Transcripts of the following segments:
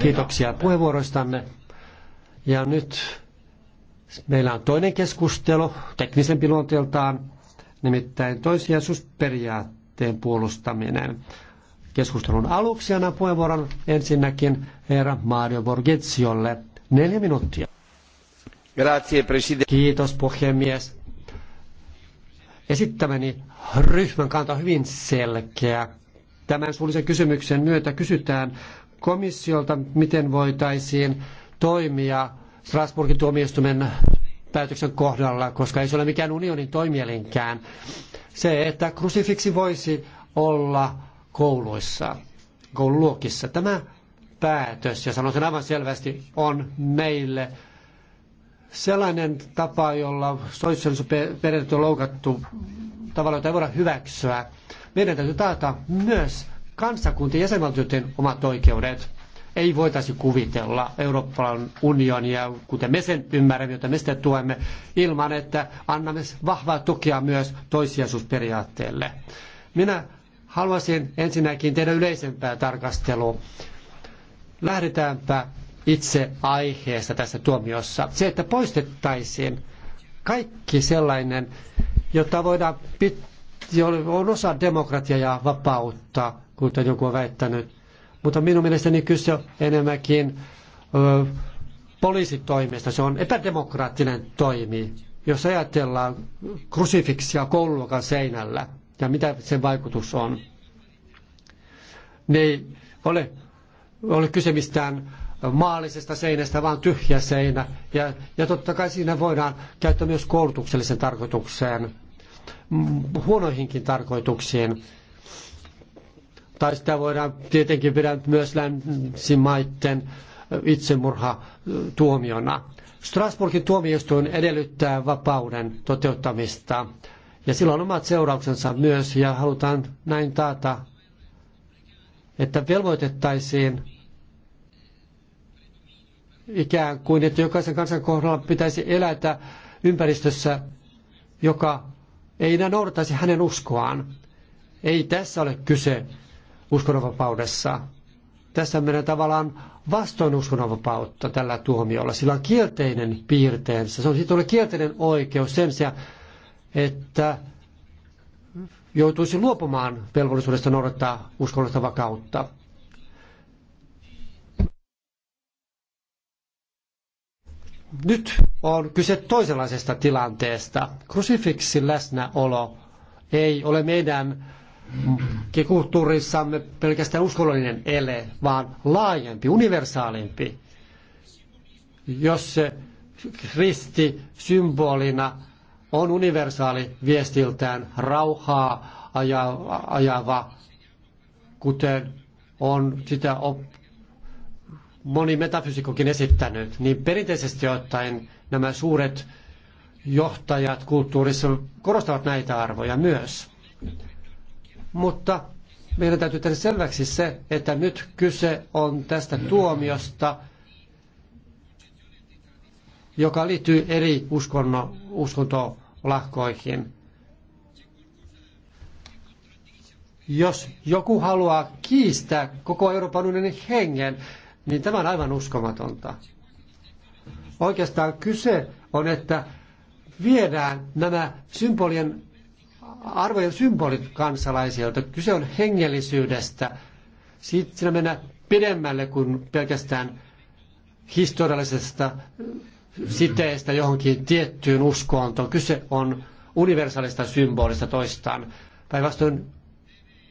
Kiitoksia puheenvuoroistanne. Ja nyt meillä on toinen keskustelu, teknisempi luonteeltaan, nimittäin toisiaisuusperiaatteen puolustaminen. Keskustelun aluksi annan puheenvuoron ensinnäkin herra Mario Borgetsiolle. Neljä minuuttia. Grazie, presidente. Kiitos puhemies. Esittämäni ryhmän kanta on hyvin selkeä Tämän suullisen kysymyksen myötä kysytään komissiolta, miten voitaisiin toimia Strasbourgin tuomioistuimen päätöksen kohdalla, koska ei se ole mikään unionin toimielinkään. Se, että krusifiksi voisi olla kouluissa, koululuokissa. Tämä päätös, ja sanon sen aivan selvästi, on meille sellainen tapa, jolla soitsellisuusperiaatteet on loukattu tavalla, jota ei voida hyväksyä meidän täytyy taata myös kansakuntien jäsenvaltioiden omat oikeudet. Ei voitaisi kuvitella Euroopan unionia, kuten me sen ymmärrämme, jota me sitä tuemme, ilman että annamme vahvaa tukea myös toissijaisuusperiaatteelle. Minä haluaisin ensinnäkin tehdä yleisempää tarkastelua. Lähdetäänpä itse aiheesta tässä tuomiossa. Se, että poistettaisiin kaikki sellainen, jota voidaan pitää on osa demokratiaa ja vapautta, kuten joku on väittänyt. Mutta minun mielestäni kyse on enemmänkin ö, poliisitoimista. Se on epädemokraattinen toimi. Jos ajatellaan krusifiksia koululuokan seinällä ja mitä sen vaikutus on, niin ei ole, ole kyse mistään maallisesta seinästä, vaan tyhjä seinä. Ja, ja totta kai siinä voidaan käyttää myös koulutukselliseen tarkoitukseen huonoihinkin tarkoituksiin. Tai sitä voidaan tietenkin pidä myös länsimaiden itsemurhatuomiona. Strasbourgin tuomioistuin edellyttää vapauden toteuttamista ja sillä on omat seurauksensa myös ja halutaan näin taata, että velvoitettaisiin ikään kuin, että jokaisen kansan kohdalla pitäisi elätä ympäristössä, joka ei enää noudattaisi hänen uskoaan. Ei tässä ole kyse uskonnonvapaudessa. Tässä menee tavallaan vastoin uskonnonvapautta tällä tuomiolla. Sillä on kielteinen piirteensä. Se on siitä kielteinen oikeus sen sijaan, että joutuisi luopumaan velvollisuudesta noudattaa uskonnollista vakautta. Nyt on kyse toisenlaisesta tilanteesta. Krusifiksin läsnäolo ei ole meidän kulttuurissamme pelkästään uskonnollinen ele, vaan laajempi, universaalimpi. Jos se risti symbolina on universaali viestiltään rauhaa ajava, kuten on sitä moni metafysikokin esittänyt, niin perinteisesti ottaen nämä suuret johtajat kulttuurissa korostavat näitä arvoja myös. Mutta meidän täytyy tehdä selväksi se, että nyt kyse on tästä tuomiosta, joka liittyy eri uskonno, uskontolahkoihin. Jos joku haluaa kiistää koko Euroopan unionin hengen, niin tämä on aivan uskomatonta. Oikeastaan kyse on, että viedään nämä symbolien, arvojen symbolit kansalaisilta. Kyse on hengellisyydestä. Siitä siinä mennään pidemmälle kuin pelkästään historiallisesta siteestä johonkin tiettyyn uskontoon. Kyse on universaalista symbolista toistaan. Päinvastoin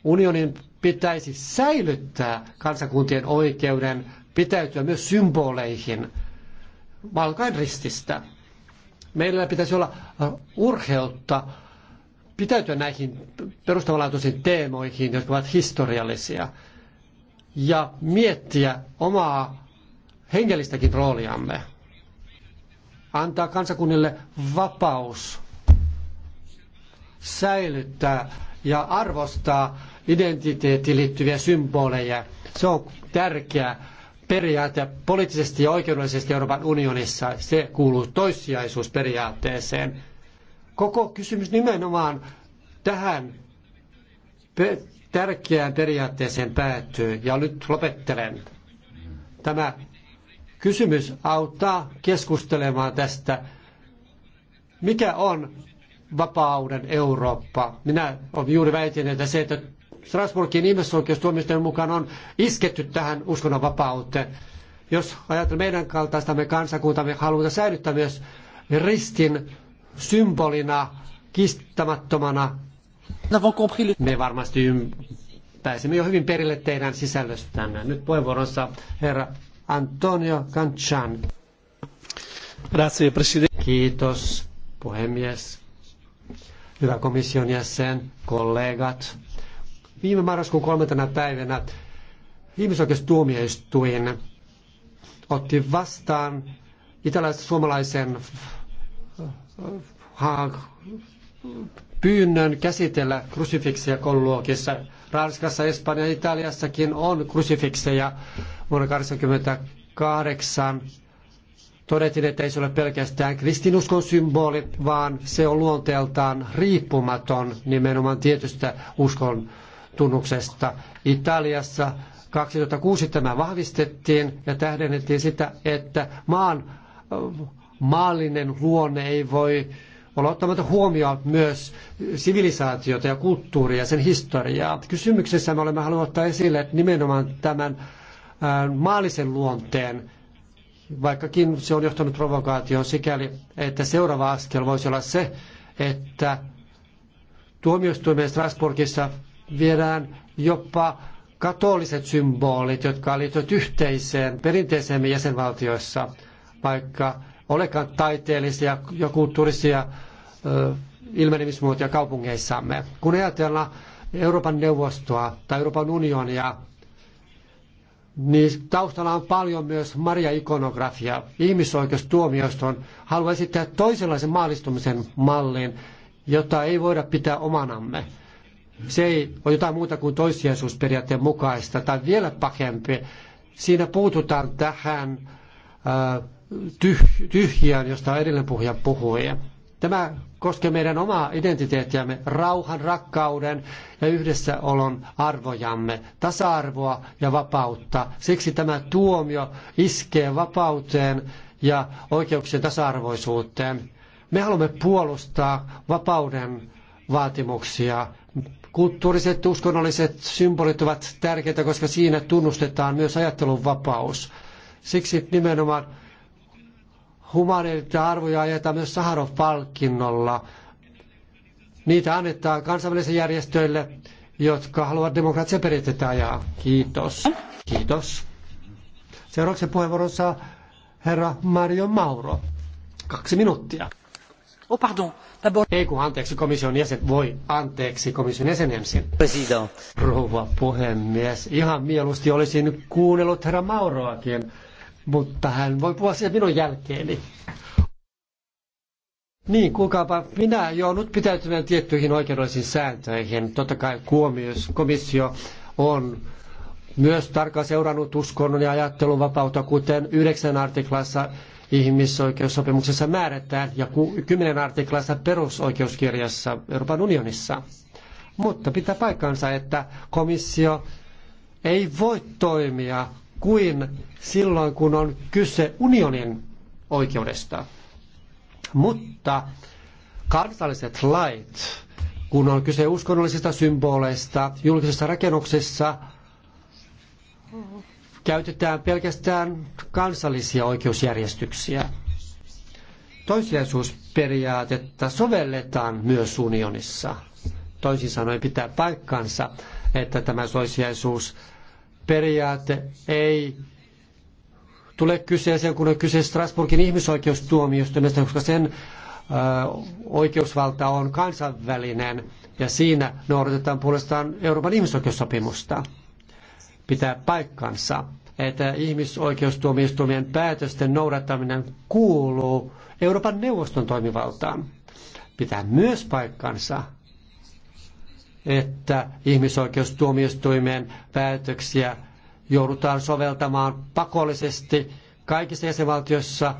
unionin pitäisi säilyttää kansakuntien oikeuden pitäytyä myös symboleihin Valkain rististä. Meillä pitäisi olla äh, urheutta pitäytyä näihin perustavanlaatuisiin teemoihin, jotka ovat historiallisia, ja miettiä omaa hengellistäkin rooliamme. Antaa kansakunnille vapaus säilyttää ja arvostaa identiteettiin liittyviä symboleja. Se on tärkeää periaate poliittisesti ja oikeudellisesti Euroopan unionissa. Se kuuluu toissijaisuusperiaatteeseen. Koko kysymys nimenomaan tähän tärkeään periaatteeseen päättyy. Ja nyt lopettelen. Tämä kysymys auttaa keskustelemaan tästä, mikä on vapauden Eurooppa. Minä olen juuri väitin, että se, että Strasbourgin ihmisoikeustuomioistuimen mukaan on isketty tähän uskonnonvapauteen. Jos ajatellaan meidän kaltaistamme me haluamme säilyttää myös ristin symbolina, kistamattomana, me varmasti ym- jo hyvin perille teidän sisällöstänne. Nyt puheenvuoronsa herra Antonio Canchan. Kiitos, puhemies. Hyvä komission jäsen, kollegat. Viime marraskuun kolmantena päivänä ihmisoikeustuomioistuin otti vastaan italaisen suomalaisen pyynnön käsitellä krusifiksejä koululuokissa. Ranskassa, Espanja ja Italiassakin on krusifiksejä vuonna 1988. Todettiin, että ei se ole pelkästään kristinuskon symboli, vaan se on luonteeltaan riippumaton nimenomaan tietystä uskon tunnuksesta. Italiassa 2006 tämä vahvistettiin ja tähdennettiin sitä, että maan maallinen luonne ei voi olla ottamatta huomioon myös sivilisaatiota ja kulttuuria ja sen historiaa. Kysymyksessä me olemme halunneet ottaa esille että nimenomaan tämän maallisen luonteen, vaikkakin se on johtanut provokaatioon sikäli, että seuraava askel voisi olla se, että tuomioistuimen Strasbourgissa viedään jopa katoliset symbolit, jotka liittyvät yhteiseen perinteeseemme jäsenvaltioissa, vaikka olekaan taiteellisia ja kulttuurisia ilmenemismuotoja kaupungeissamme. Kun ajatellaan Euroopan neuvostoa tai Euroopan unionia, niin taustalla on paljon myös Maria-ikonografia. Ihmisoikeustuomioiston haluaa esittää toisenlaisen maallistumisen mallin, jota ei voida pitää omanamme. Se ei ole jotain muuta kuin toissijaisuusperiaatteen mukaista tai vielä pahempi. Siinä puututaan tähän tyh- tyhjään, josta edellinen puhuja puhui. Tämä koskee meidän omaa identiteettiämme, rauhan, rakkauden ja yhdessäolon arvojamme, tasa-arvoa ja vapautta. Siksi tämä tuomio iskee vapauteen ja oikeuksien tasa-arvoisuuteen. Me haluamme puolustaa vapauden vaatimuksia Kulttuuriset, uskonnolliset symbolit ovat tärkeitä, koska siinä tunnustetaan myös vapaus. Siksi nimenomaan humanitaarisia arvoja ajetaan myös Saharov-palkinnolla. Niitä annetaan kansainvälisille järjestöille, jotka haluavat demokratian periaatteita ajaa. Kiitos. Kiitos. Seuraavaksi puheenvuoron saa herra Mario Mauro. Kaksi minuuttia. Oh, pardon. anteeksi komission jäsen. Voi anteeksi komission jäsen ensin. President. Rouva puhemies. Ihan mieluusti olisin kuunnellut herra Mauroakin, mutta hän voi puhua siitä minun jälkeeni. Niin, kuulkaapa, minä joudun pitäytymään tiettyihin oikeudellisiin sääntöihin. Totta kai kuomios, komissio on myös tarkkaan seurannut uskonnon ja ajattelun vapautta, kuten 9 artiklassa ihmisoikeussopimuksessa määrätään ja 10 artiklassa perusoikeuskirjassa Euroopan unionissa. Mutta pitää paikkansa, että komissio ei voi toimia kuin silloin, kun on kyse unionin oikeudesta. Mutta kansalliset lait, kun on kyse uskonnollisista symboleista, julkisessa rakennuksissa, käytetään pelkästään kansallisia oikeusjärjestyksiä. Toisiaisuusperiaatetta sovelletaan myös unionissa. Toisin sanoen pitää paikkansa, että tämä toisiaisuusperiaate ei tule kyseeseen, kun on kyse Strasbourgin ihmisoikeustuomioistuimesta, koska sen oikeusvalta on kansainvälinen ja siinä noudatetaan puolestaan Euroopan ihmisoikeussopimusta pitää paikkansa, että ihmisoikeustuomioistuimien päätösten noudattaminen kuuluu Euroopan neuvoston toimivaltaan. Pitää myös paikkansa, että ihmisoikeustuomioistuimien päätöksiä joudutaan soveltamaan pakollisesti kaikissa jäsenvaltioissa,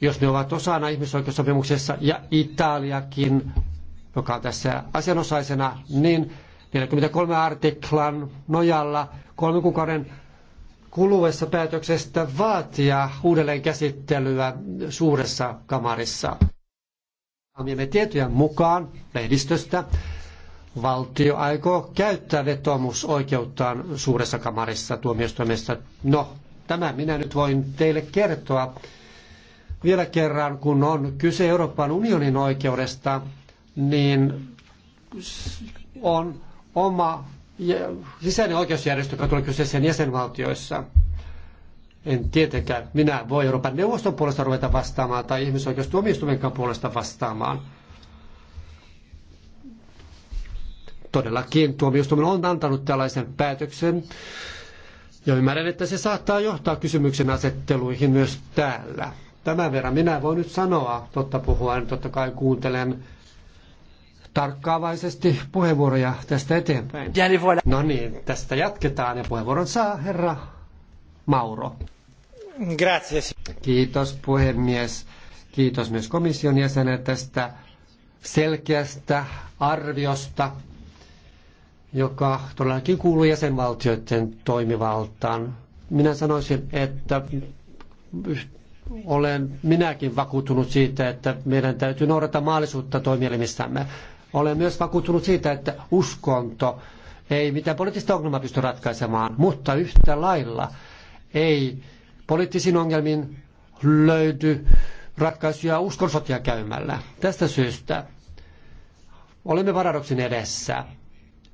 jos ne ovat osana ihmisoikeussopimuksessa, ja Italiakin, joka on tässä asianosaisena, niin 43 artiklan nojalla kolmen kuukauden kuluessa päätöksestä vaatia uudelleen käsittelyä suuressa kamarissa. Saamiemme tietojen mukaan lehdistöstä valtio aikoo käyttää vetoomusoikeuttaan suuressa kamarissa tuomioistuimessa. No, tämä minä nyt voin teille kertoa vielä kerran, kun on kyse Euroopan unionin oikeudesta, niin on oma sisäinen oikeusjärjestö, joka tulee kyseeseen jäsenvaltioissa. En tietenkään minä voi Euroopan neuvoston puolesta ruveta vastaamaan tai ihmisoikeustuomioistuimenkaan puolesta vastaamaan. Todellakin tuomioistuin on antanut tällaisen päätöksen ja ymmärrän, että se saattaa johtaa kysymyksen asetteluihin myös täällä. Tämän verran minä voin nyt sanoa, totta puhuen, totta kai kuuntelen tarkkaavaisesti puheenvuoroja tästä eteenpäin. No niin, tästä jatketaan ja puheenvuoron saa herra Mauro. Gracias. Kiitos puhemies. Kiitos myös komission jäsenet tästä selkeästä arviosta, joka todellakin kuuluu jäsenvaltioiden toimivaltaan. Minä sanoisin, että olen minäkin vakuuttunut siitä, että meidän täytyy noudata maallisuutta toimielimissämme. Olen myös vakuuttunut siitä, että uskonto ei mitään poliittista ongelmaa pysty ratkaisemaan, mutta yhtä lailla ei poliittisiin ongelmiin löydy ratkaisuja uskonsotia käymällä. Tästä syystä olemme varadoksin edessä.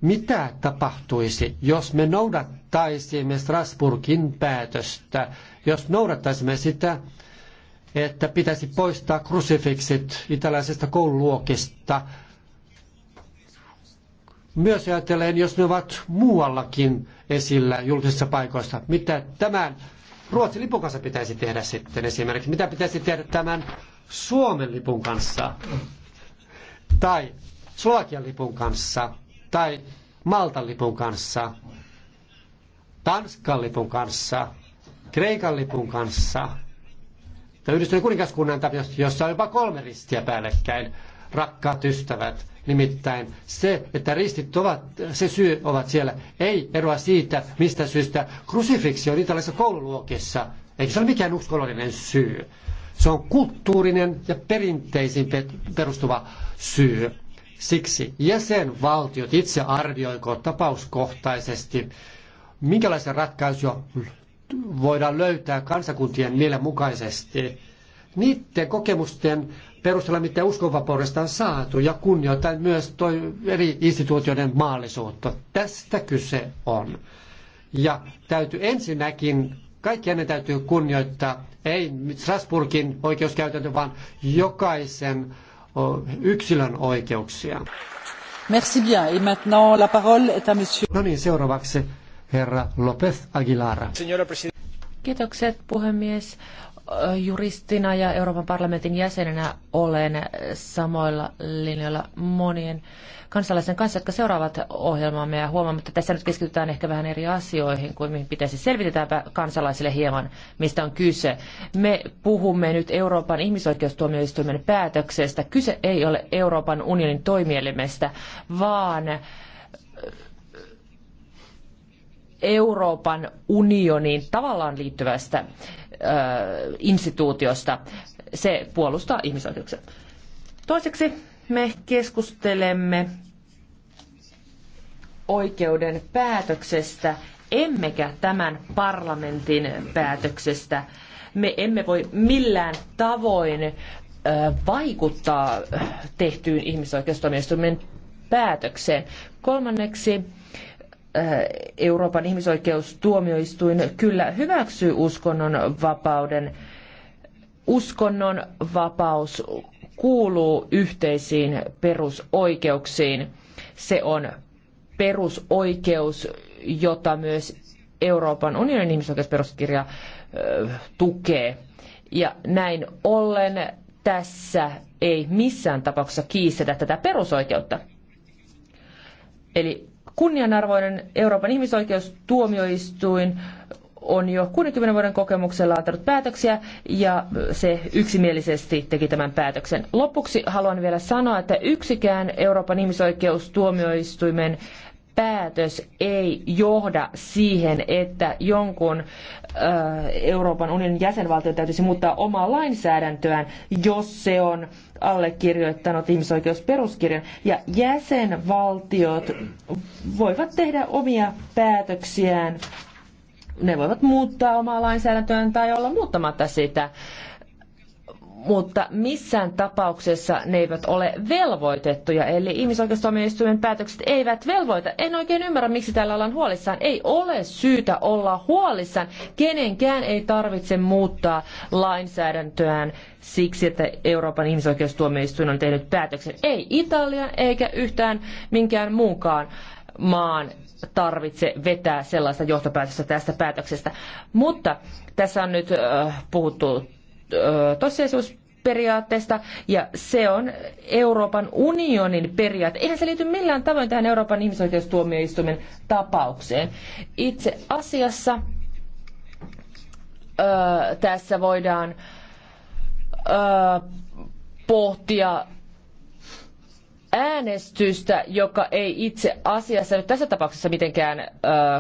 Mitä tapahtuisi, jos me noudattaisimme Strasburgin päätöstä, jos noudattaisimme sitä, että pitäisi poistaa krusifiksit italaisista koululuokista myös ajatellen, jos ne ovat muuallakin esillä julkisissa paikoissa, mitä tämän Ruotsin lipun kanssa pitäisi tehdä sitten esimerkiksi, mitä pitäisi tehdä tämän Suomen lipun kanssa, tai Slovakian lipun kanssa, tai Maltan lipun kanssa, Tanskan lipun kanssa, Kreikan lipun kanssa, tai yhdistyneen kuningaskunnan tapiosta, jossa on jopa kolme ristiä päällekkäin, rakkaat ystävät – Nimittäin se, että ristit ovat, se syy ovat siellä, ei eroa siitä, mistä syystä krusifiksi on italaisissa koululuokissa. Eikä se ole mikään uskonnollinen syy. Se on kulttuurinen ja perinteisiin perustuva syy. Siksi jäsenvaltiot itse arvioiko tapauskohtaisesti, minkälaisia ratkaisuja voidaan löytää kansakuntien mielen mukaisesti niiden kokemusten perusteella, mitä uskonvapaudesta on saatu, ja kunnioittain myös toi eri instituutioiden maallisuutta. Tästä kyse on. Ja täytyy ensinnäkin, kaikki ennen täytyy kunnioittaa, ei Strasburgin oikeuskäytäntö, vaan jokaisen yksilön oikeuksia. Merci bien. Et maintenant la parole est à monsieur... No niin, seuraavaksi herra López Aguilar. Kiitokset puhemies juristina ja Euroopan parlamentin jäsenenä olen samoilla linjoilla monien kansalaisen kanssa, jotka seuraavat ohjelmaamme ja huomaamme, että tässä nyt keskitytään ehkä vähän eri asioihin kuin mihin pitäisi. Selvitetäänpä kansalaisille hieman, mistä on kyse. Me puhumme nyt Euroopan ihmisoikeustuomioistuimen päätöksestä. Kyse ei ole Euroopan unionin toimielimestä, vaan Euroopan unioniin tavallaan liittyvästä instituutiosta. Se puolustaa ihmisoikeuksia. Toiseksi me keskustelemme oikeuden päätöksestä, emmekä tämän parlamentin päätöksestä. Me emme voi millään tavoin vaikuttaa tehtyyn ihmisoikeustuomioistuimen päätökseen. Kolmanneksi Äh, Euroopan ihmisoikeustuomioistuin kyllä hyväksyy uskonnon vapauden. Uskonnon vapaus kuuluu yhteisiin perusoikeuksiin. Se on perusoikeus, jota myös Euroopan unionin ihmisoikeusperuskirja äh, tukee. Ja näin ollen tässä ei missään tapauksessa kiistetä tätä perusoikeutta. Eli Kunnianarvoinen Euroopan ihmisoikeustuomioistuin on jo 60 vuoden kokemuksella antanut päätöksiä ja se yksimielisesti teki tämän päätöksen. Lopuksi haluan vielä sanoa, että yksikään Euroopan ihmisoikeustuomioistuimen päätös ei johda siihen, että jonkun äh, Euroopan unionin jäsenvaltio täytyisi muuttaa omaa lainsäädäntöään, jos se on allekirjoittanut ihmisoikeusperuskirjan. Ja jäsenvaltiot voivat tehdä omia päätöksiään. Ne voivat muuttaa omaa lainsäädäntöään tai olla muuttamatta sitä mutta missään tapauksessa ne eivät ole velvoitettuja. Eli ihmisoikeustuomioistuimen päätökset eivät velvoita. En oikein ymmärrä, miksi täällä ollaan huolissaan. Ei ole syytä olla huolissaan. Kenenkään ei tarvitse muuttaa lainsäädäntöään siksi, että Euroopan ihmisoikeustuomioistuin on tehnyt päätöksen. Ei Italian eikä yhtään minkään muunkaan maan tarvitse vetää sellaista johtopäätöstä tästä päätöksestä. Mutta tässä on nyt äh, puhuttu periaatteesta ja se on Euroopan unionin periaate. Eihän se liity millään tavoin tähän Euroopan ihmisoikeustuomioistuimen tapaukseen. Itse asiassa ö, tässä voidaan ö, pohtia äänestystä, joka ei itse asiassa nyt tässä tapauksessa mitenkään ö,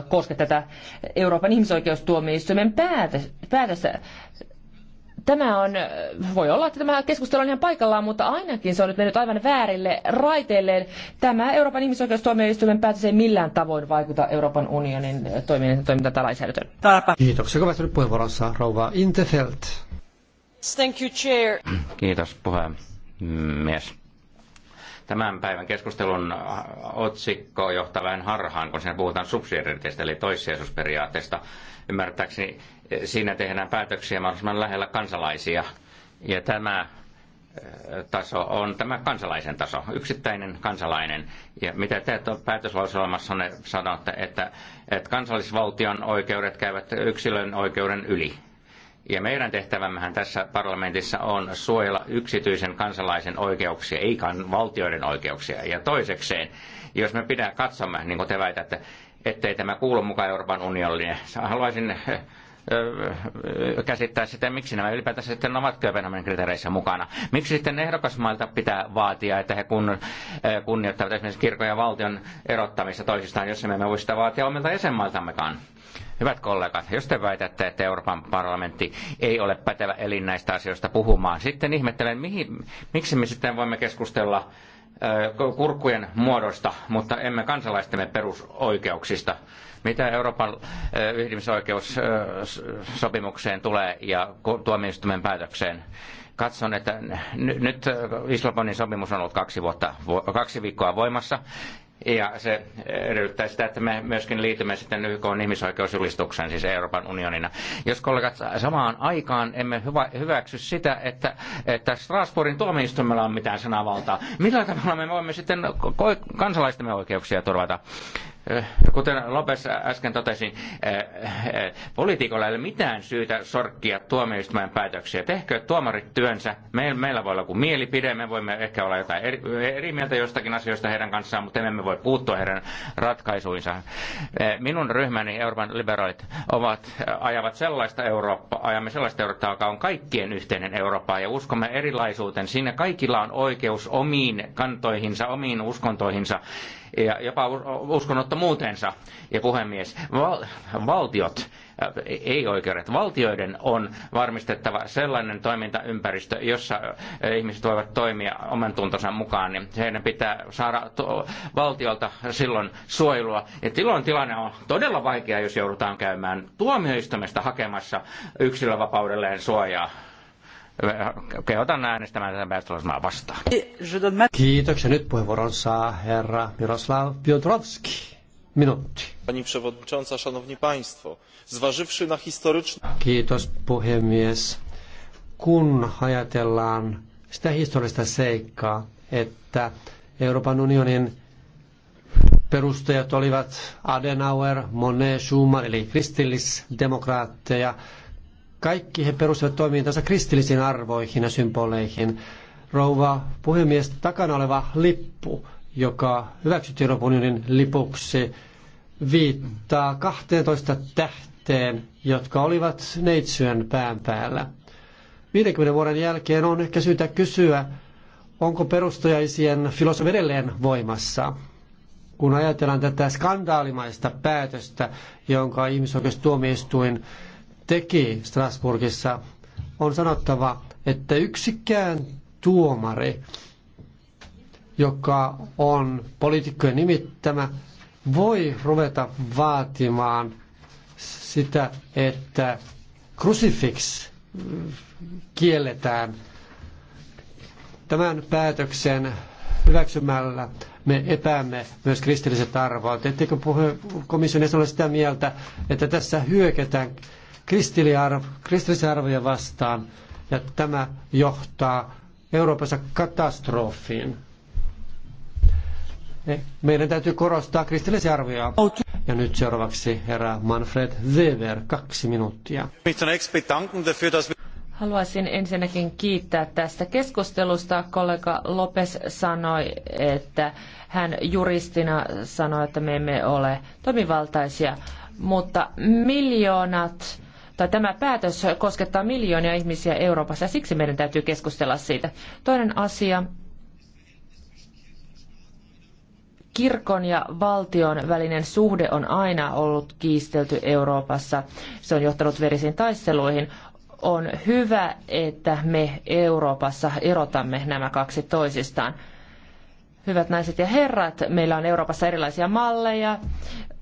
koske tätä Euroopan ihmisoikeustuomioistuimen päätöstä. Tämä on, voi olla, että tämä keskustelu on ihan paikallaan, mutta ainakin se on nyt mennyt aivan väärille raiteilleen. Tämä Euroopan ihmisoikeustuomioistuimen päätös ei millään tavoin vaikuta Euroopan unionin toiminnan toiminta Kiitoksia kovasti puheenvuorossa, rouva Intefeld. Thank you, chair. Kiitos puhemies tämän päivän keskustelun otsikko johtaa vähän harhaan, kun siinä puhutaan subsidiariteetista eli toissijaisuusperiaatteesta. Ymmärtääkseni siinä tehdään päätöksiä mahdollisimman lähellä kansalaisia. Ja tämä äh, taso on tämä kansalaisen taso, yksittäinen kansalainen. Ja mitä te on sanotte, että, että kansallisvaltion oikeudet käyvät yksilön oikeuden yli. Ja meidän tehtävämmehän tässä parlamentissa on suojella yksityisen kansalaisen oikeuksia, ei valtioiden oikeuksia. Ja toisekseen, jos me pidä katsomme, niin kuin te väitätte, ettei tämä kuulu mukaan Euroopan unionille, haluaisin käsittää sitä, miksi nämä ylipäätänsä sitten ovat Kööpenhaminan kriteereissä mukana. Miksi sitten ehdokasmailta pitää vaatia, että he kun, kunnioittavat esimerkiksi kirkon ja valtion erottamista toisistaan, jos me emme voi sitä vaatia omilta jäsenmailtammekaan? Hyvät kollegat, jos te väitätte, että Euroopan parlamentti ei ole pätevä elin näistä asioista puhumaan, sitten ihmettelen, mihin, miksi me sitten voimme keskustella kurkkujen muodosta, mutta emme kansalaistemme perusoikeuksista. Mitä Euroopan ihmisoikeussopimukseen tulee ja tuomioistuimen päätökseen? Katson, että nyt Islamonin sopimus on ollut kaksi, vuotta, kaksi viikkoa voimassa ja se edellyttää sitä, että me myöskin liitymme sitten YK ihmisoikeusjulistukseen, siis Euroopan unionina. Jos kollegat samaan aikaan emme hyvä, hyväksy sitä, että, että Strasbourgin tuomioistuimella on mitään sanavaltaa, millä tavalla me voimme sitten kansalaistemme oikeuksia turvata? Eh, kuten Lopes äsken totesi, eh, eh, poliitikolla ei ole mitään syytä sorkkia tuomioistuimen päätöksiä. Tehkö tuomarit työnsä? Meillä voi olla kuin mielipide, me voimme ehkä olla jotain eri, eri mieltä jostakin asioista heidän kanssaan, mutta emme voi puuttua heidän ratkaisuinsa. Minun ryhmäni, Euroopan liberaalit, ovat, ajavat sellaista Eurooppaa, ajamme sellaista Eurooppaa, joka on kaikkien yhteinen Eurooppa ja uskomme erilaisuuteen. Siinä kaikilla on oikeus omiin kantoihinsa, omiin uskontoihinsa ja jopa uskonnottomuutensa ja puhemies. Val, valtiot, äh, ei oikeudet, valtioiden on varmistettava sellainen toimintaympäristö, jossa äh, ihmiset voivat toimia oman tuntonsa mukaan. Niin heidän pitää saada to, valtiolta silloin suojelua. Ja silloin tilanne on todella vaikea, jos joudutaan käymään tuomioistumista hakemassa yksilövapaudelleen suojaa kehotan äänestämään tämän päästölasmaa vastaan. Kiitoksia. Nyt puheenvuoron saa herra Miroslav Piotrowski. Minuutti. Pani przewodnicząca, szanowni państwo, zważywszy na historyczne... Kiitos puhemies. Kun ajatellaan sitä historiallista seikkaa, että Euroopan unionin perustajat olivat Adenauer, Monet, Schumann eli kristillisdemokraatteja, kaikki he perustivat toimintansa kristillisiin arvoihin ja symboleihin. Rouva puhemies, takana oleva lippu, joka hyväksyttiin Euroopan unionin lipuksi, viittaa 12 tähteen, jotka olivat neitsyön pään päällä. 50 vuoden jälkeen on ehkä syytä kysyä, onko perustajaisien filosofi edelleen voimassa. Kun ajatellaan tätä skandaalimaista päätöstä, jonka ihmisoikeustuomioistuin teki Strasbourgissa, on sanottava, että yksikään tuomari, joka on poliitikkojen nimittämä, voi ruveta vaatimaan sitä, että crucifix kielletään. Tämän päätöksen hyväksymällä me epäämme myös kristilliset arvot. Etteikö puhe, komission ole sitä mieltä, että tässä hyökätään kristillisiä arvoja vastaan ja tämä johtaa Euroopassa katastrofiin. E, meidän täytyy korostaa kristillisiä arvoja. Ja nyt seuraavaksi herra Manfred Weber, kaksi minuuttia. Haluaisin ensinnäkin kiittää tästä keskustelusta. Kollega Lopes sanoi, että hän juristina sanoi, että me emme ole toimivaltaisia, mutta miljoonat tai tämä päätös koskettaa miljoonia ihmisiä Euroopassa ja siksi meidän täytyy keskustella siitä. Toinen asia, kirkon ja valtion välinen suhde on aina ollut kiistelty Euroopassa. Se on johtanut verisiin taisteluihin. On hyvä, että me Euroopassa erotamme nämä kaksi toisistaan. Hyvät naiset ja herrat, meillä on Euroopassa erilaisia malleja,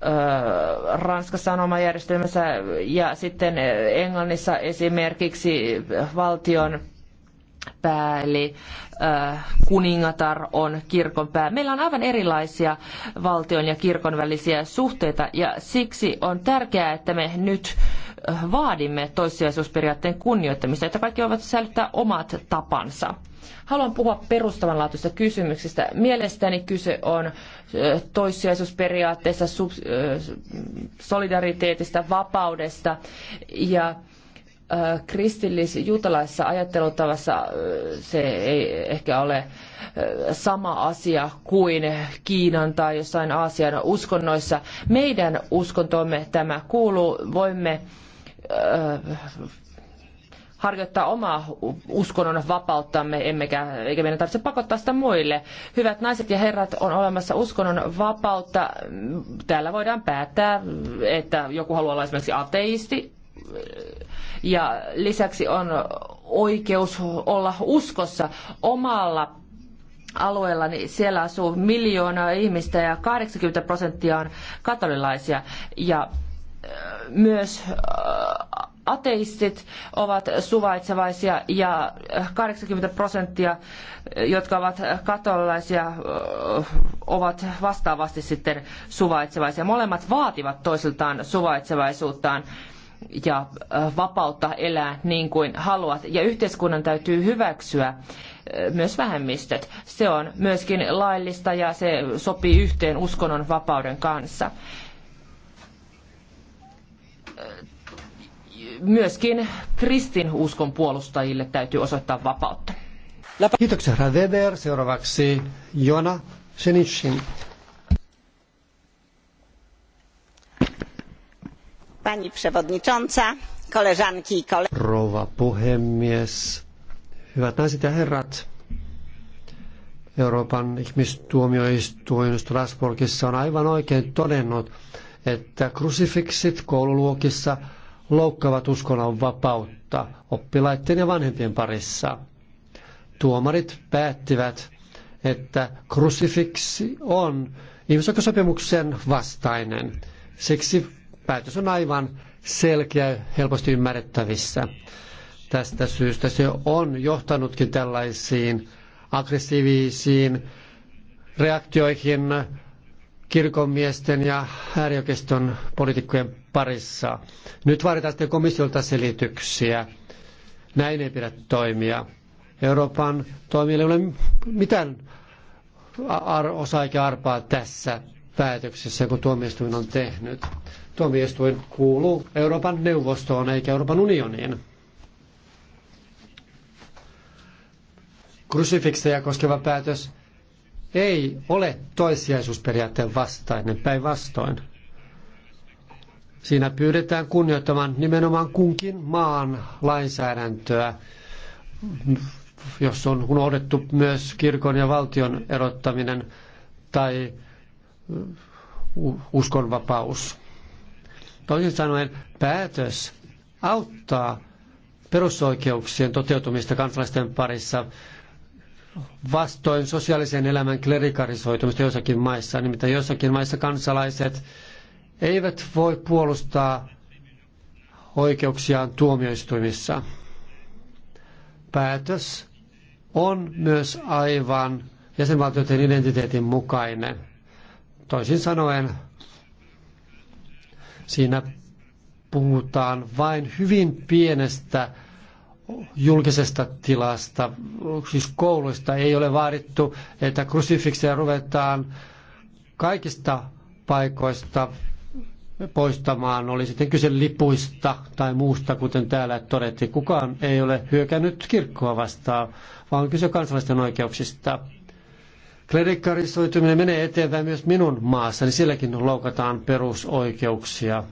öö, Ranskassa on oma järjestelmänsä ja sitten eh, Englannissa esimerkiksi valtion eli eh, kuningatar on kirkon pää. Meillä on aivan erilaisia valtion ja kirkon välisiä suhteita ja siksi on tärkeää, että me nyt vaadimme toissijaisuusperiaatteen kunnioittamista, että kaikki voivat säilyttää omat tapansa. Haluan puhua perustavanlaatuisista kysymyksistä. Mielestäni kyse on toissijaisuusperiaatteesta, solidariteetista, vapaudesta ja kristillis-juutalaisessa ajattelutavassa se ei ehkä ole sama asia kuin Kiinan tai jossain Aasian uskonnoissa. Meidän uskontomme tämä kuuluu. Voimme Äh, harjoittaa omaa uskonnon vapauttamme, emmekä, eikä meidän tarvitse pakottaa sitä muille. Hyvät naiset ja herrat, on olemassa uskonnon vapautta. Täällä voidaan päättää, että joku haluaa olla esimerkiksi ateisti, ja lisäksi on oikeus olla uskossa omalla alueella, niin siellä asuu miljoonaa ihmistä ja 80 prosenttia on katolilaisia. Ja myös ateistit ovat suvaitsevaisia ja 80 prosenttia, jotka ovat katolilaisia, ovat vastaavasti sitten suvaitsevaisia. Molemmat vaativat toisiltaan suvaitsevaisuuttaan ja vapautta elää niin kuin haluat. Ja yhteiskunnan täytyy hyväksyä myös vähemmistöt. Se on myöskin laillista ja se sopii yhteen uskonnon vapauden kanssa. myöskin kristinuskon puolustajille täytyy osoittaa vapautta. Kiitoksia, herra Weber. Seuraavaksi Jona Senishin. Pani przewodnicząca, koleżanki i koledzy. Rouva puhemies, hyvät naiset ja herrat. Euroopan ihmistuomioistuin Strasbourgissa on aivan oikein todennut, että krusifiksit koululuokissa – loukkaavat uskonnon vapautta oppilaiden ja vanhempien parissa. Tuomarit päättivät, että krusifiksi on ihmisoikeusopimuksen vastainen. Siksi päätös on aivan selkeä ja helposti ymmärrettävissä. Tästä syystä se on johtanutkin tällaisiin aggressiivisiin reaktioihin kirkonmiesten ja äärioikeiston poliitikkojen parissa. Nyt vaaditaan sitten komissiolta selityksiä. Näin ei pidä toimia. Euroopan toimijoille ei ole mitään ar- osaa eikä arpaa tässä päätöksessä, kun tuomioistuin on tehnyt. Tuomioistuin kuuluu Euroopan neuvostoon eikä Euroopan unioniin. Krusifikseja koskeva päätös ei ole toissijaisuusperiaatteen vastainen, päinvastoin. Siinä pyydetään kunnioittamaan nimenomaan kunkin maan lainsäädäntöä, jos on unohdettu myös kirkon ja valtion erottaminen tai uskonvapaus. Toisin sanoen päätös auttaa perusoikeuksien toteutumista kansalaisten parissa vastoin sosiaalisen elämän klerikarisoitumista joissakin maissa. Nimittäin joissakin maissa kansalaiset eivät voi puolustaa oikeuksiaan tuomioistuimissa. Päätös on myös aivan jäsenvaltioiden identiteetin mukainen. Toisin sanoen siinä puhutaan vain hyvin pienestä julkisesta tilasta, siis kouluista. Ei ole vaadittu, että krusifiksejä ruvetaan kaikista paikoista poistamaan, oli sitten kyse lipuista tai muusta, kuten täällä todettiin. Kukaan ei ole hyökännyt kirkkoa vastaan, vaan on kyse kansalaisten oikeuksista. Klerikkarisoituminen menee eteenpäin myös minun maassani, sielläkin loukataan perusoikeuksia.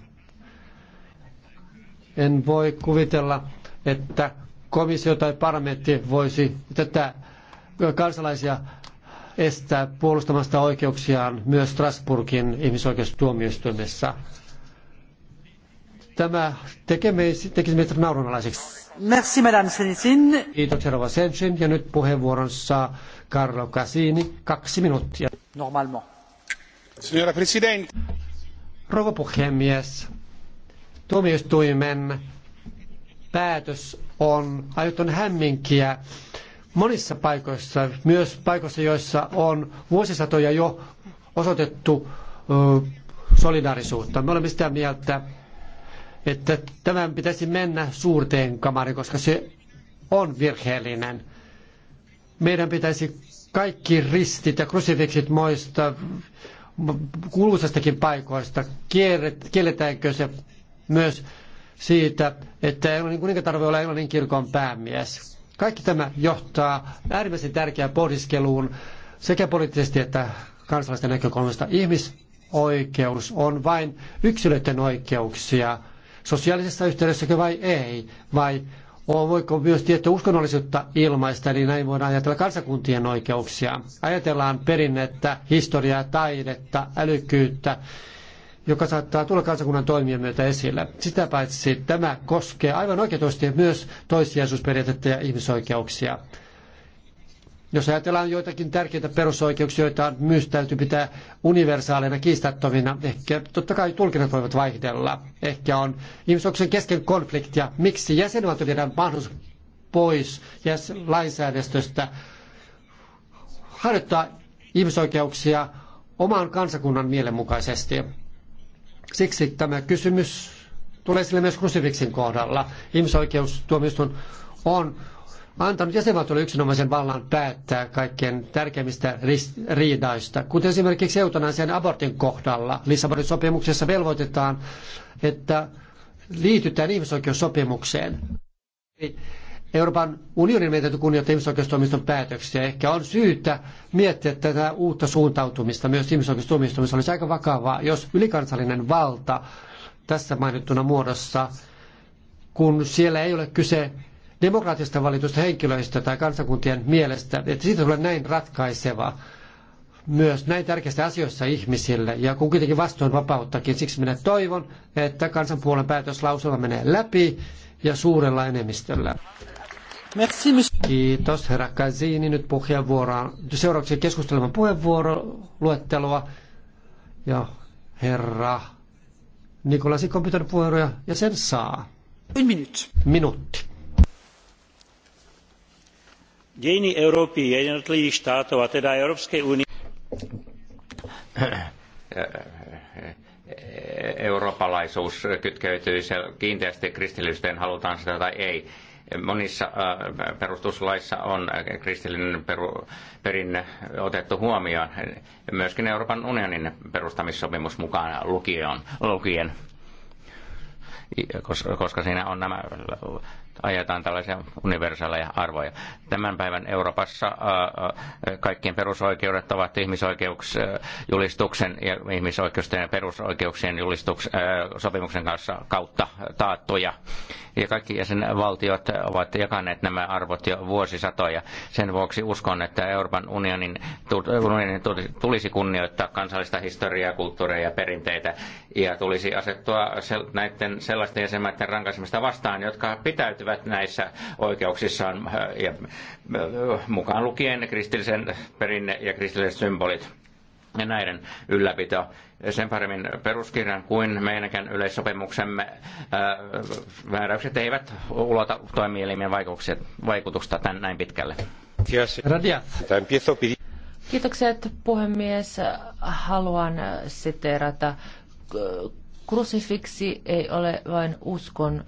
En voi kuvitella, että komissio tai parlamentti voisi tätä kansalaisia estää puolustamasta oikeuksiaan myös Strasburgin ihmisoikeustuomioistuimessa. Tämä tekee tekisi meistä naurunalaiseksi. Merci, Madame Senisin. Kiitoksia, Rova Sensin. Ja nyt puheenvuoron saa Carlo Casini. Kaksi minuuttia. Normalement. Signora Presidente. Rouva puhemies, tuomioistuimen päätös on aiheuttanut hämminkiä monissa paikoissa, myös paikoissa, joissa on vuosisatoja jo osoitettu solidaarisuutta. Me olemme sitä mieltä, että tämän pitäisi mennä suurteen kamariin, koska se on virheellinen. Meidän pitäisi kaikki ristit ja krusifiksit moista kuuluisastakin paikoista, kielletäänkö se myös siitä, että Englannin kuningatar voi olla Englannin kirkon päämies. Kaikki tämä johtaa äärimmäisen tärkeään pohdiskeluun sekä poliittisesti että kansalaisten näkökulmasta. Ihmisoikeus on vain yksilöiden oikeuksia, sosiaalisessa yhteydessäkö vai ei, vai on, voiko myös tietty uskonnollisuutta ilmaista, eli niin näin voidaan ajatella kansakuntien oikeuksia. Ajatellaan perinnettä, historiaa, taidetta, älykkyyttä, joka saattaa tulla kansakunnan toimien myötä esille. Sitä paitsi tämä koskee aivan oikeutusti myös toissijaisuusperiaatetta ja ihmisoikeuksia. Jos ajatellaan joitakin tärkeitä perusoikeuksia, joita on myös täytyy pitää universaaleina kiistattomina, ehkä totta kai tulkinnat voivat vaihdella. Ehkä on ihmisoikeuksien kesken konfliktia. Miksi jäsenvaltio viedään mahdollisuus pois jäs- lainsäädästöstä harjoittaa ihmisoikeuksia oman kansakunnan mielenmukaisesti? Siksi tämä kysymys tulee sille myös krusifiksin kohdalla. Ihmisoikeustuomioistuin on antanut jäsenvaltiolle yksinomaisen vallan päättää kaikkien tärkeimmistä riidaista, kuten esimerkiksi eutanasian abortin kohdalla. Lissabonin sopimuksessa velvoitetaan, että liitytään ihmisoikeussopimukseen. Euroopan unionin meidän täytyy kunnioittaa ihmisoikeustuomioistuimen päätöksiä. Ehkä on syytä miettiä tätä uutta suuntautumista myös ihmisoikeustuomioistuimessa. Olisi aika vakavaa, jos ylikansallinen valta tässä mainittuna muodossa, kun siellä ei ole kyse demokraattista valitusta henkilöistä tai kansakuntien mielestä, että siitä tulee näin ratkaiseva myös näin tärkeissä asioissa ihmisille ja kun kuitenkin vastoin vapauttakin. Siksi minä toivon, että kansanpuolen päätöslauselma menee läpi ja suurella enemmistöllä. Kiitos, herra Kazini. Nyt puheenvuoroon. Seuraavaksi keskustelemaan puheenvuoroluetteloa. Ja herra Nikolasik on pitänyt puheenvuoroja ja sen saa. Minuutti. Minuutti. Dejiny Európy jednotlivých štátov, a teda Európskej únie... Eurooppalaisuus kytkeytyy kiinteästi kristillisyyteen, halutaan sitä tai ei Monissa äh, perustuslaissa on äh, kristillinen peru, perinne otettu huomioon, myöskin Euroopan unionin perustamissopimus mukaan lukien, lukien koska siinä on nämä ajetaan tällaisia universaaleja arvoja. Tämän päivän Euroopassa kaikkien perusoikeudet ovat ihmisoikeusjulistuksen ja ihmisoikeusten ja perusoikeuksien sopimuksen kanssa kautta taattuja. Ja kaikki jäsenvaltiot ovat jakaneet nämä arvot jo vuosisatoja. Sen vuoksi uskon, että Euroopan unionin, unionin tulisi kunnioittaa kansallista historiaa, kulttuuria ja perinteitä ja tulisi asettua näiden sellaisten jäsenmaiden rankaisemista vastaan, jotka pitäytyvät käyttäytyvät näissä oikeuksissaan, äh, ja äh, mukaan lukien kristillisen perinne ja kristilliset symbolit ja näiden ylläpito sen paremmin peruskirjan kuin meidänkään yleissopimuksemme ää, äh, määräykset eivät ulota toimielimien vaikutusta tämän näin pitkälle. Kiitokset puhemies. Haluan siteerata. Krusifiksi ei ole vain uskon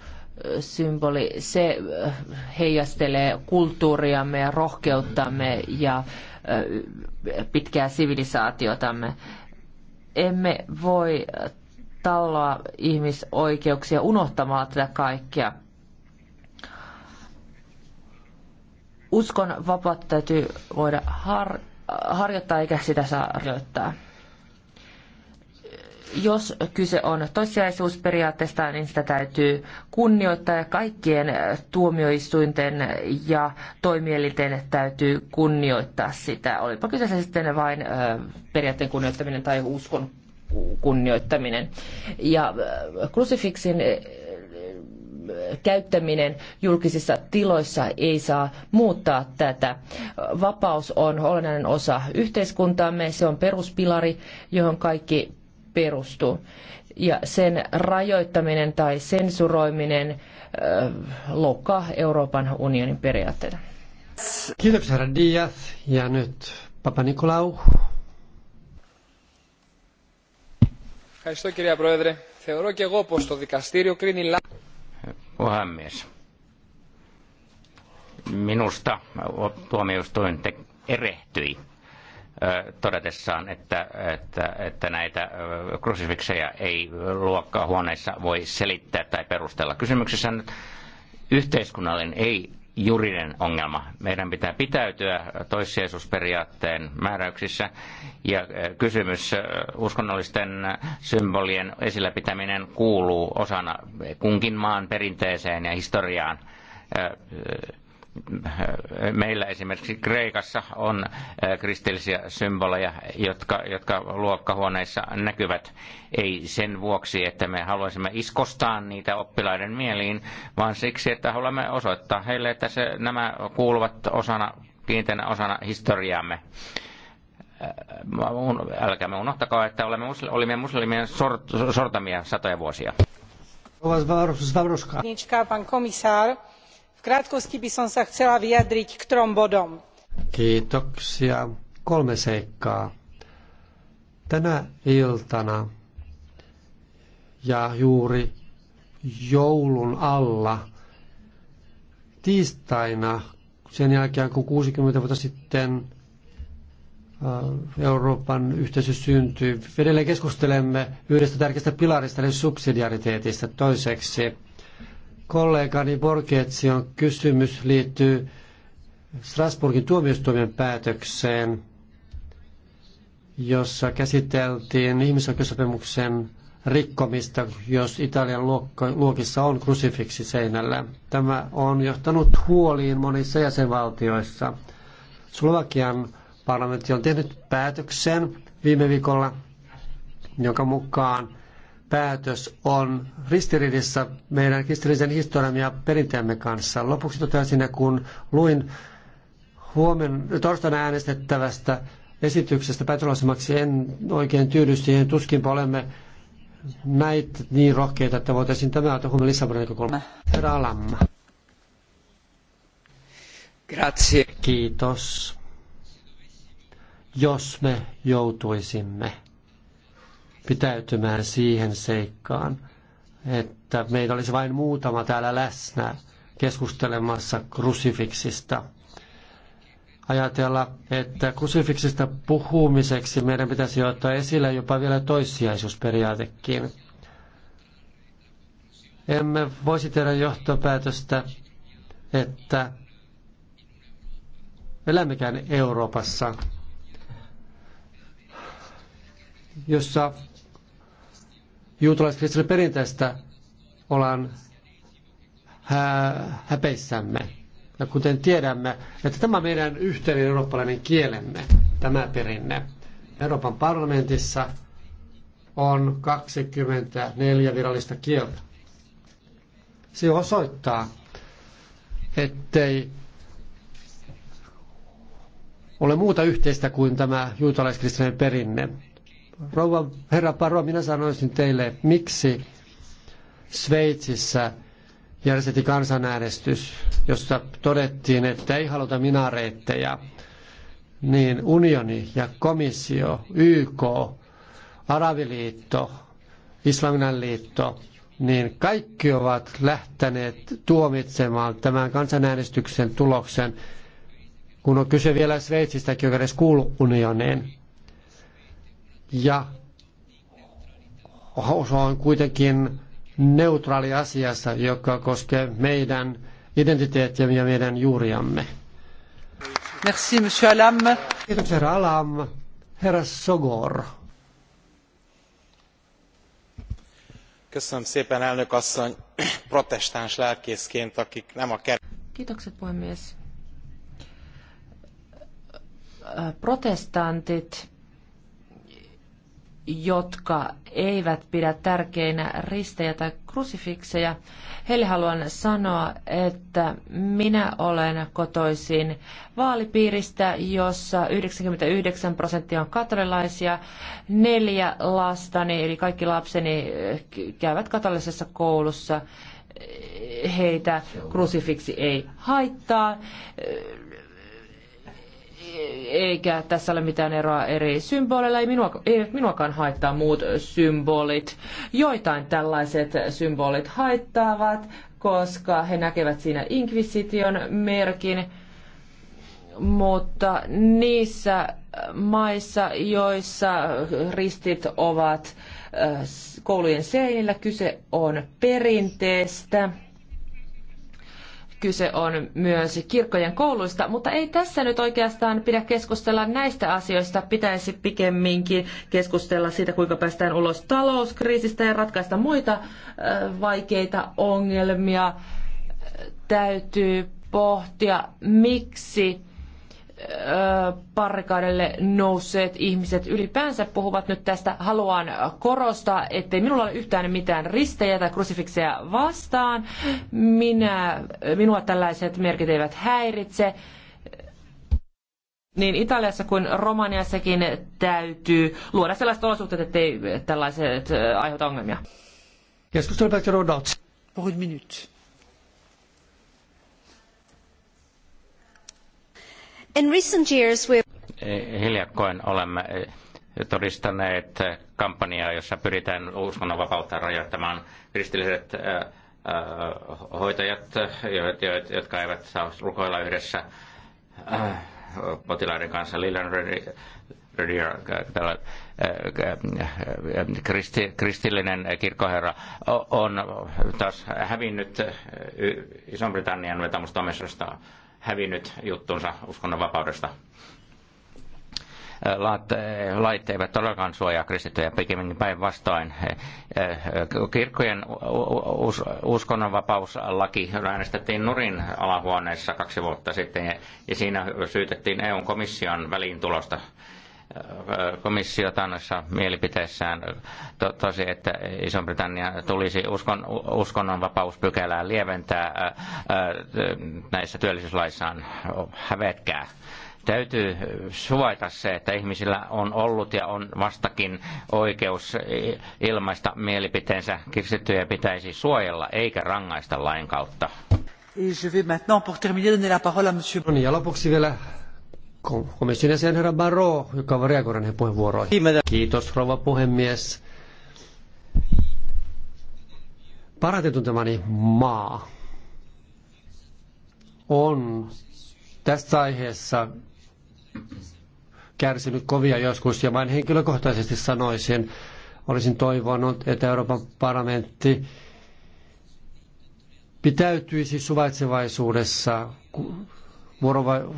symboli, se äh, heijastelee kulttuuriamme ja rohkeuttamme ja äh, pitkää sivilisaatiotamme. Emme voi talloa ihmisoikeuksia unohtamaan tätä kaikkea. Uskon vapautta täytyy voida har- harjoittaa eikä sitä saa rajoittaa. Jos kyse on toissijaisuusperiaatteesta, niin sitä täytyy kunnioittaa ja kaikkien tuomioistuinten ja toimielinten täytyy kunnioittaa sitä. Olipa kyseessä sitten vain periaatteen kunnioittaminen tai uskon kunnioittaminen. Ja krusifiksin käyttäminen julkisissa tiloissa ei saa muuttaa tätä. Vapaus on olennainen osa yhteiskuntaamme, se on peruspilari, johon kaikki perustuu. Ja sen rajoittaminen tai sensuroiminen loukkaa Euroopan unionin periaatteita. Kiitoksia, herra Diaz. Ja nyt Papa Nikolau. Ευχαριστώ κυρία Πρόεδρε. Θεωρώ και εγώ πως το δικαστήριο Puhemies. Minusta tuomioistuin erehtyi todetessaan, että, että, että näitä krusifikseja ei huoneissa voi selittää tai perustella. Kysymyksessä on nyt yhteiskunnallinen, ei juridinen ongelma. Meidän pitää pitäytyä toissijaisuusperiaatteen määräyksissä ja kysymys uskonnollisten symbolien esillä pitäminen kuuluu osana kunkin maan perinteeseen ja historiaan meillä esimerkiksi Kreikassa on äh, kristillisiä symboleja, jotka, jotka luokkahuoneissa näkyvät. Ei sen vuoksi, että me haluaisimme iskostaa niitä oppilaiden mieliin, vaan siksi, että haluamme osoittaa heille, että se, nämä kuuluvat osana, kiinteänä osana historiaamme. Äh, älkäämme unohtakaa, että olemme musli, olimme muslimien sort, sortamia satoja vuosia. Pan komisar, krátkosti by som sa chcela vyjadriť k trom bodom. Kiitoksia. Kolme seikkaa. Tänä iltana ja juuri joulun alla tiistaina sen jälkeen, kun 60 vuotta sitten äh, Euroopan yhteisö syntyi. Edelleen keskustelemme yhdestä tärkeästä pilarista, eli subsidiariteetista. Toiseksi kollegani Borgetsion kysymys liittyy Strasbourgin tuomioistuimen päätökseen, jossa käsiteltiin ihmisoikeussopimuksen rikkomista, jos Italian luokissa on krusifiksi seinällä. Tämä on johtanut huoliin monissa jäsenvaltioissa. Slovakian parlamentti on tehnyt päätöksen viime viikolla, jonka mukaan päätös on ristiriidassa meidän kristillisen historian ja perinteemme kanssa. Lopuksi totesin, kun luin huomenna torstaina äänestettävästä esityksestä päätöslauselmaksi, en oikein tyydy siihen, tuskinpa olemme näitä niin rohkeita, että voitaisiin tämä ottaa huomioon Lissabonin näkökulma. Herra Alamma. Grazie. Kiitos. Jos me joutuisimme pitäytymään siihen seikkaan, että meitä olisi vain muutama täällä läsnä keskustelemassa krusifiksista. Ajatella, että krusifiksista puhumiseksi meidän pitäisi ottaa esille jopa vielä toissijaisuusperiaatekin. Emme voisi tehdä johtopäätöstä, että elämmekään Euroopassa, jossa juutalaiskristillisestä perinteestä ollaan hä- häpeissämme. Ja kuten tiedämme, että tämä meidän yhteinen eurooppalainen kielemme, tämä perinne. Euroopan parlamentissa on 24 virallista kieltä. Se osoittaa, ettei ole muuta yhteistä kuin tämä juutalaiskristillinen perinne rouva herra Paro, minä sanoisin teille, miksi Sveitsissä järjestettiin kansanäänestys, jossa todettiin, että ei haluta minareitteja, niin unioni ja komissio, YK, Arabiliitto, Islaminen liitto, niin kaikki ovat lähteneet tuomitsemaan tämän kansanäänestyksen tuloksen, kun on kyse vielä Sveitsistäkin, joka edes kuuluu unioniin ja se on kuitenkin neutraali asiassa, joka koskee meidän identiteettiä ja meidän juuriamme. Merci, monsieur Alam. Kiitos, herra Alam. Herra Sogor. Köszönöm szépen, elnök asszony, protestáns lelkészként, akik nem a ker... Kiitokset, puhemies. Protestantit jotka eivät pidä tärkeinä ristejä tai krusifikseja. Heille haluan sanoa, että minä olen kotoisin vaalipiiristä, jossa 99 prosenttia on katolilaisia. Neljä lastani, eli kaikki lapseni, käyvät katolisessa koulussa. Heitä krusifiksi ei haittaa eikä tässä ole mitään eroa eri symboleilla, ei, minua, ei minuakaan haittaa muut symbolit. Joitain tällaiset symbolit haittaavat, koska he näkevät siinä inkvisition merkin, mutta niissä maissa, joissa ristit ovat äh, koulujen seinillä, kyse on perinteestä – kyse on myös kirkkojen kouluista, mutta ei tässä nyt oikeastaan pidä keskustella näistä asioista. Pitäisi pikemminkin keskustella siitä, kuinka päästään ulos talouskriisistä ja ratkaista muita vaikeita ongelmia. Täytyy pohtia, miksi parrikaudelle nousseet ihmiset ylipäänsä puhuvat nyt tästä. Haluan korostaa, ettei minulla ole yhtään mitään ristejä tai krusifikseja vastaan. Minä, minua tällaiset merkit eivät häiritse. Niin Italiassa kuin Romaniassakin täytyy luoda sellaiset olosuhteet, ettei tällaiset aiheuta ongelmia. Keskustelu Petro Pour une minuutti. In recent years we... Eh, hiljakkoin olemme eh, todistaneet eh, kampanjaa, jossa pyritään uskonnonvapautta rajoittamaan. Kristilliset hoitajat, jotka eivät saa rukoilla yhdessä potilaiden kanssa, kristillinen kirkkoherra, on taas hävinnyt Ison-Britannian vetomustoimistosta hävinnyt juttunsa uskonnonvapaudesta. Laitteet eivät todellakaan suojaa kristittyjä, pikemminkin päinvastoin. Kirkkojen uskonnonvapauslaki äänestettiin Nurin alahuoneessa kaksi vuotta sitten, ja siinä syytettiin EUn komission väliintulosta komissio tannassa mielipiteessään tosi, että Iso-Britannia tulisi uskon, uskonnonvapauspykälää lieventää näissä työllisyyslaissaan. Hävetkää täytyy suvaita se, että ihmisillä on ollut ja on vastakin oikeus ilmaista mielipiteensä. Kirsittyjä pitäisi suojella eikä rangaista lain kautta. Ja lopuksi vielä komission jäsen herra Baro, joka näihin puheenvuoroihin. Kiitos rouva puhemies. Parhaiten tuntemani maa on tässä aiheessa kärsinyt kovia joskus ja vain henkilökohtaisesti sanoisin, olisin toivonut, että Euroopan parlamentti pitäytyisi suvaitsevaisuudessa vuorova-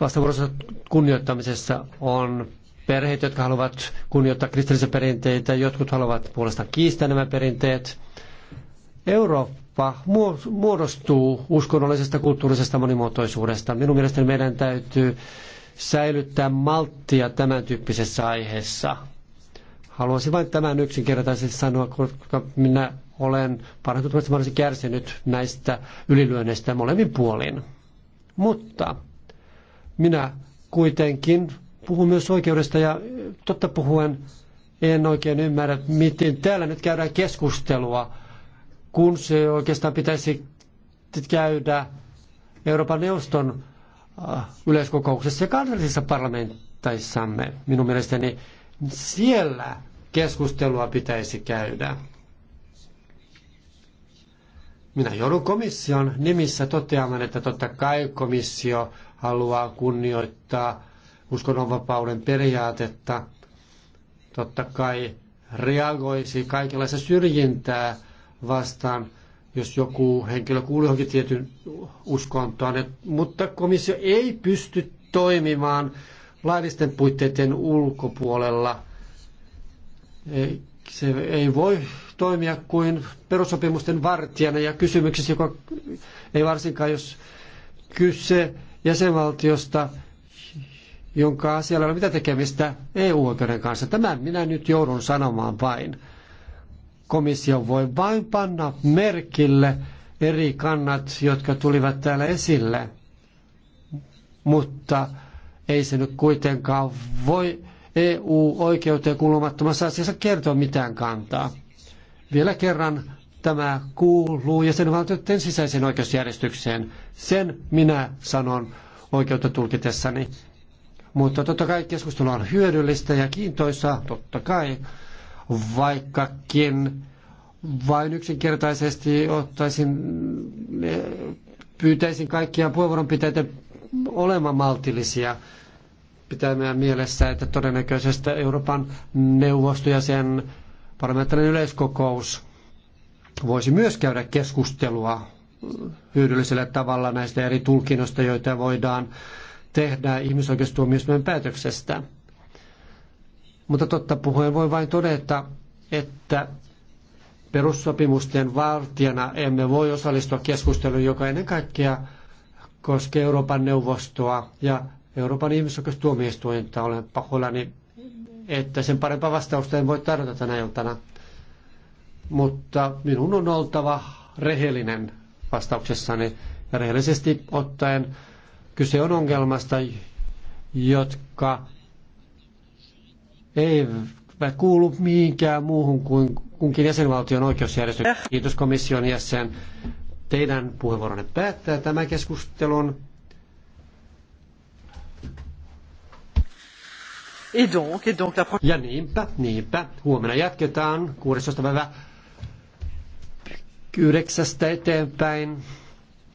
vastavuoroisessa kunnioittamisessa on perheet, jotka haluavat kunnioittaa kristillisiä perinteitä, jotkut haluavat puolestaan kiistää nämä perinteet. Eurooppa muodostuu uskonnollisesta kulttuurisesta monimuotoisuudesta. Minun mielestäni meidän täytyy säilyttää malttia tämän tyyppisessä aiheessa. Haluaisin vain tämän yksinkertaisesti sanoa, koska minä olen parantunut, että kärsinyt näistä ylilyönneistä molemmin puolin. Mutta minä kuitenkin puhun myös oikeudesta ja totta puhuen en oikein ymmärrä, miten täällä nyt käydään keskustelua, kun se oikeastaan pitäisi käydä Euroopan neuvoston äh, yleiskokouksessa ja kansallisissa parlamentteissamme. Minun mielestäni siellä keskustelua pitäisi käydä. Minä joudun komission nimissä toteamaan, että totta kai komissio haluaa kunnioittaa uskonnonvapauden periaatetta. Totta kai reagoisi kaikenlaista syrjintää vastaan, jos joku henkilö kuuluu johonkin tietyn uskontoon. mutta komissio ei pysty toimimaan laillisten puitteiden ulkopuolella. Ei se ei voi toimia kuin perussopimusten vartijana ja kysymyksessä, joka ei varsinkaan, jos kyse jäsenvaltiosta, jonka asialla ei ole mitään tekemistä EU-oikeuden kanssa. Tämä minä nyt joudun sanomaan vain. Komissio voi vain panna merkille eri kannat, jotka tulivat täällä esille, mutta ei se nyt kuitenkaan voi EU-oikeuteen kuulumattomassa asiassa kertoa mitään kantaa. Vielä kerran tämä kuuluu jäsenvaltioiden sisäiseen oikeusjärjestykseen. Sen minä sanon oikeutta tulkitessani. Mutta totta kai keskustelu on hyödyllistä ja kiintoisaa, totta kai, vaikkakin vain yksinkertaisesti ottaisin, eh, pyytäisin kaikkia pitäjät olemaan maltillisia pitämään mielessä, että todennäköisesti Euroopan neuvosto ja sen parlamentaarinen yleiskokous voisi myös käydä keskustelua hyödyllisellä tavalla näistä eri tulkinnoista, joita voidaan tehdä ihmisoikeustuomioistuimen päätöksestä. Mutta totta puhuen voi vain todeta, että perussopimusten valtijana emme voi osallistua keskusteluun, joka ennen kaikkea koskee Euroopan neuvostoa ja Euroopan ihmisoikeustuomioistuinta. Olen pahoillani, että sen parempaa vastausta en voi tarjota tänä iltana. Mutta minun on oltava rehellinen vastauksessani ja rehellisesti ottaen kyse on ongelmasta, jotka ei kuulu mihinkään muuhun kuin kunkin jäsenvaltion oikeusjärjestelmään. Kiitos komission jäsen. Teidän puheenvuoronne päättää tämän keskustelun. Et donc, et donc la... Ja niinpä, niinpä. Huomenna jatketaan 16. päivä 9. eteenpäin.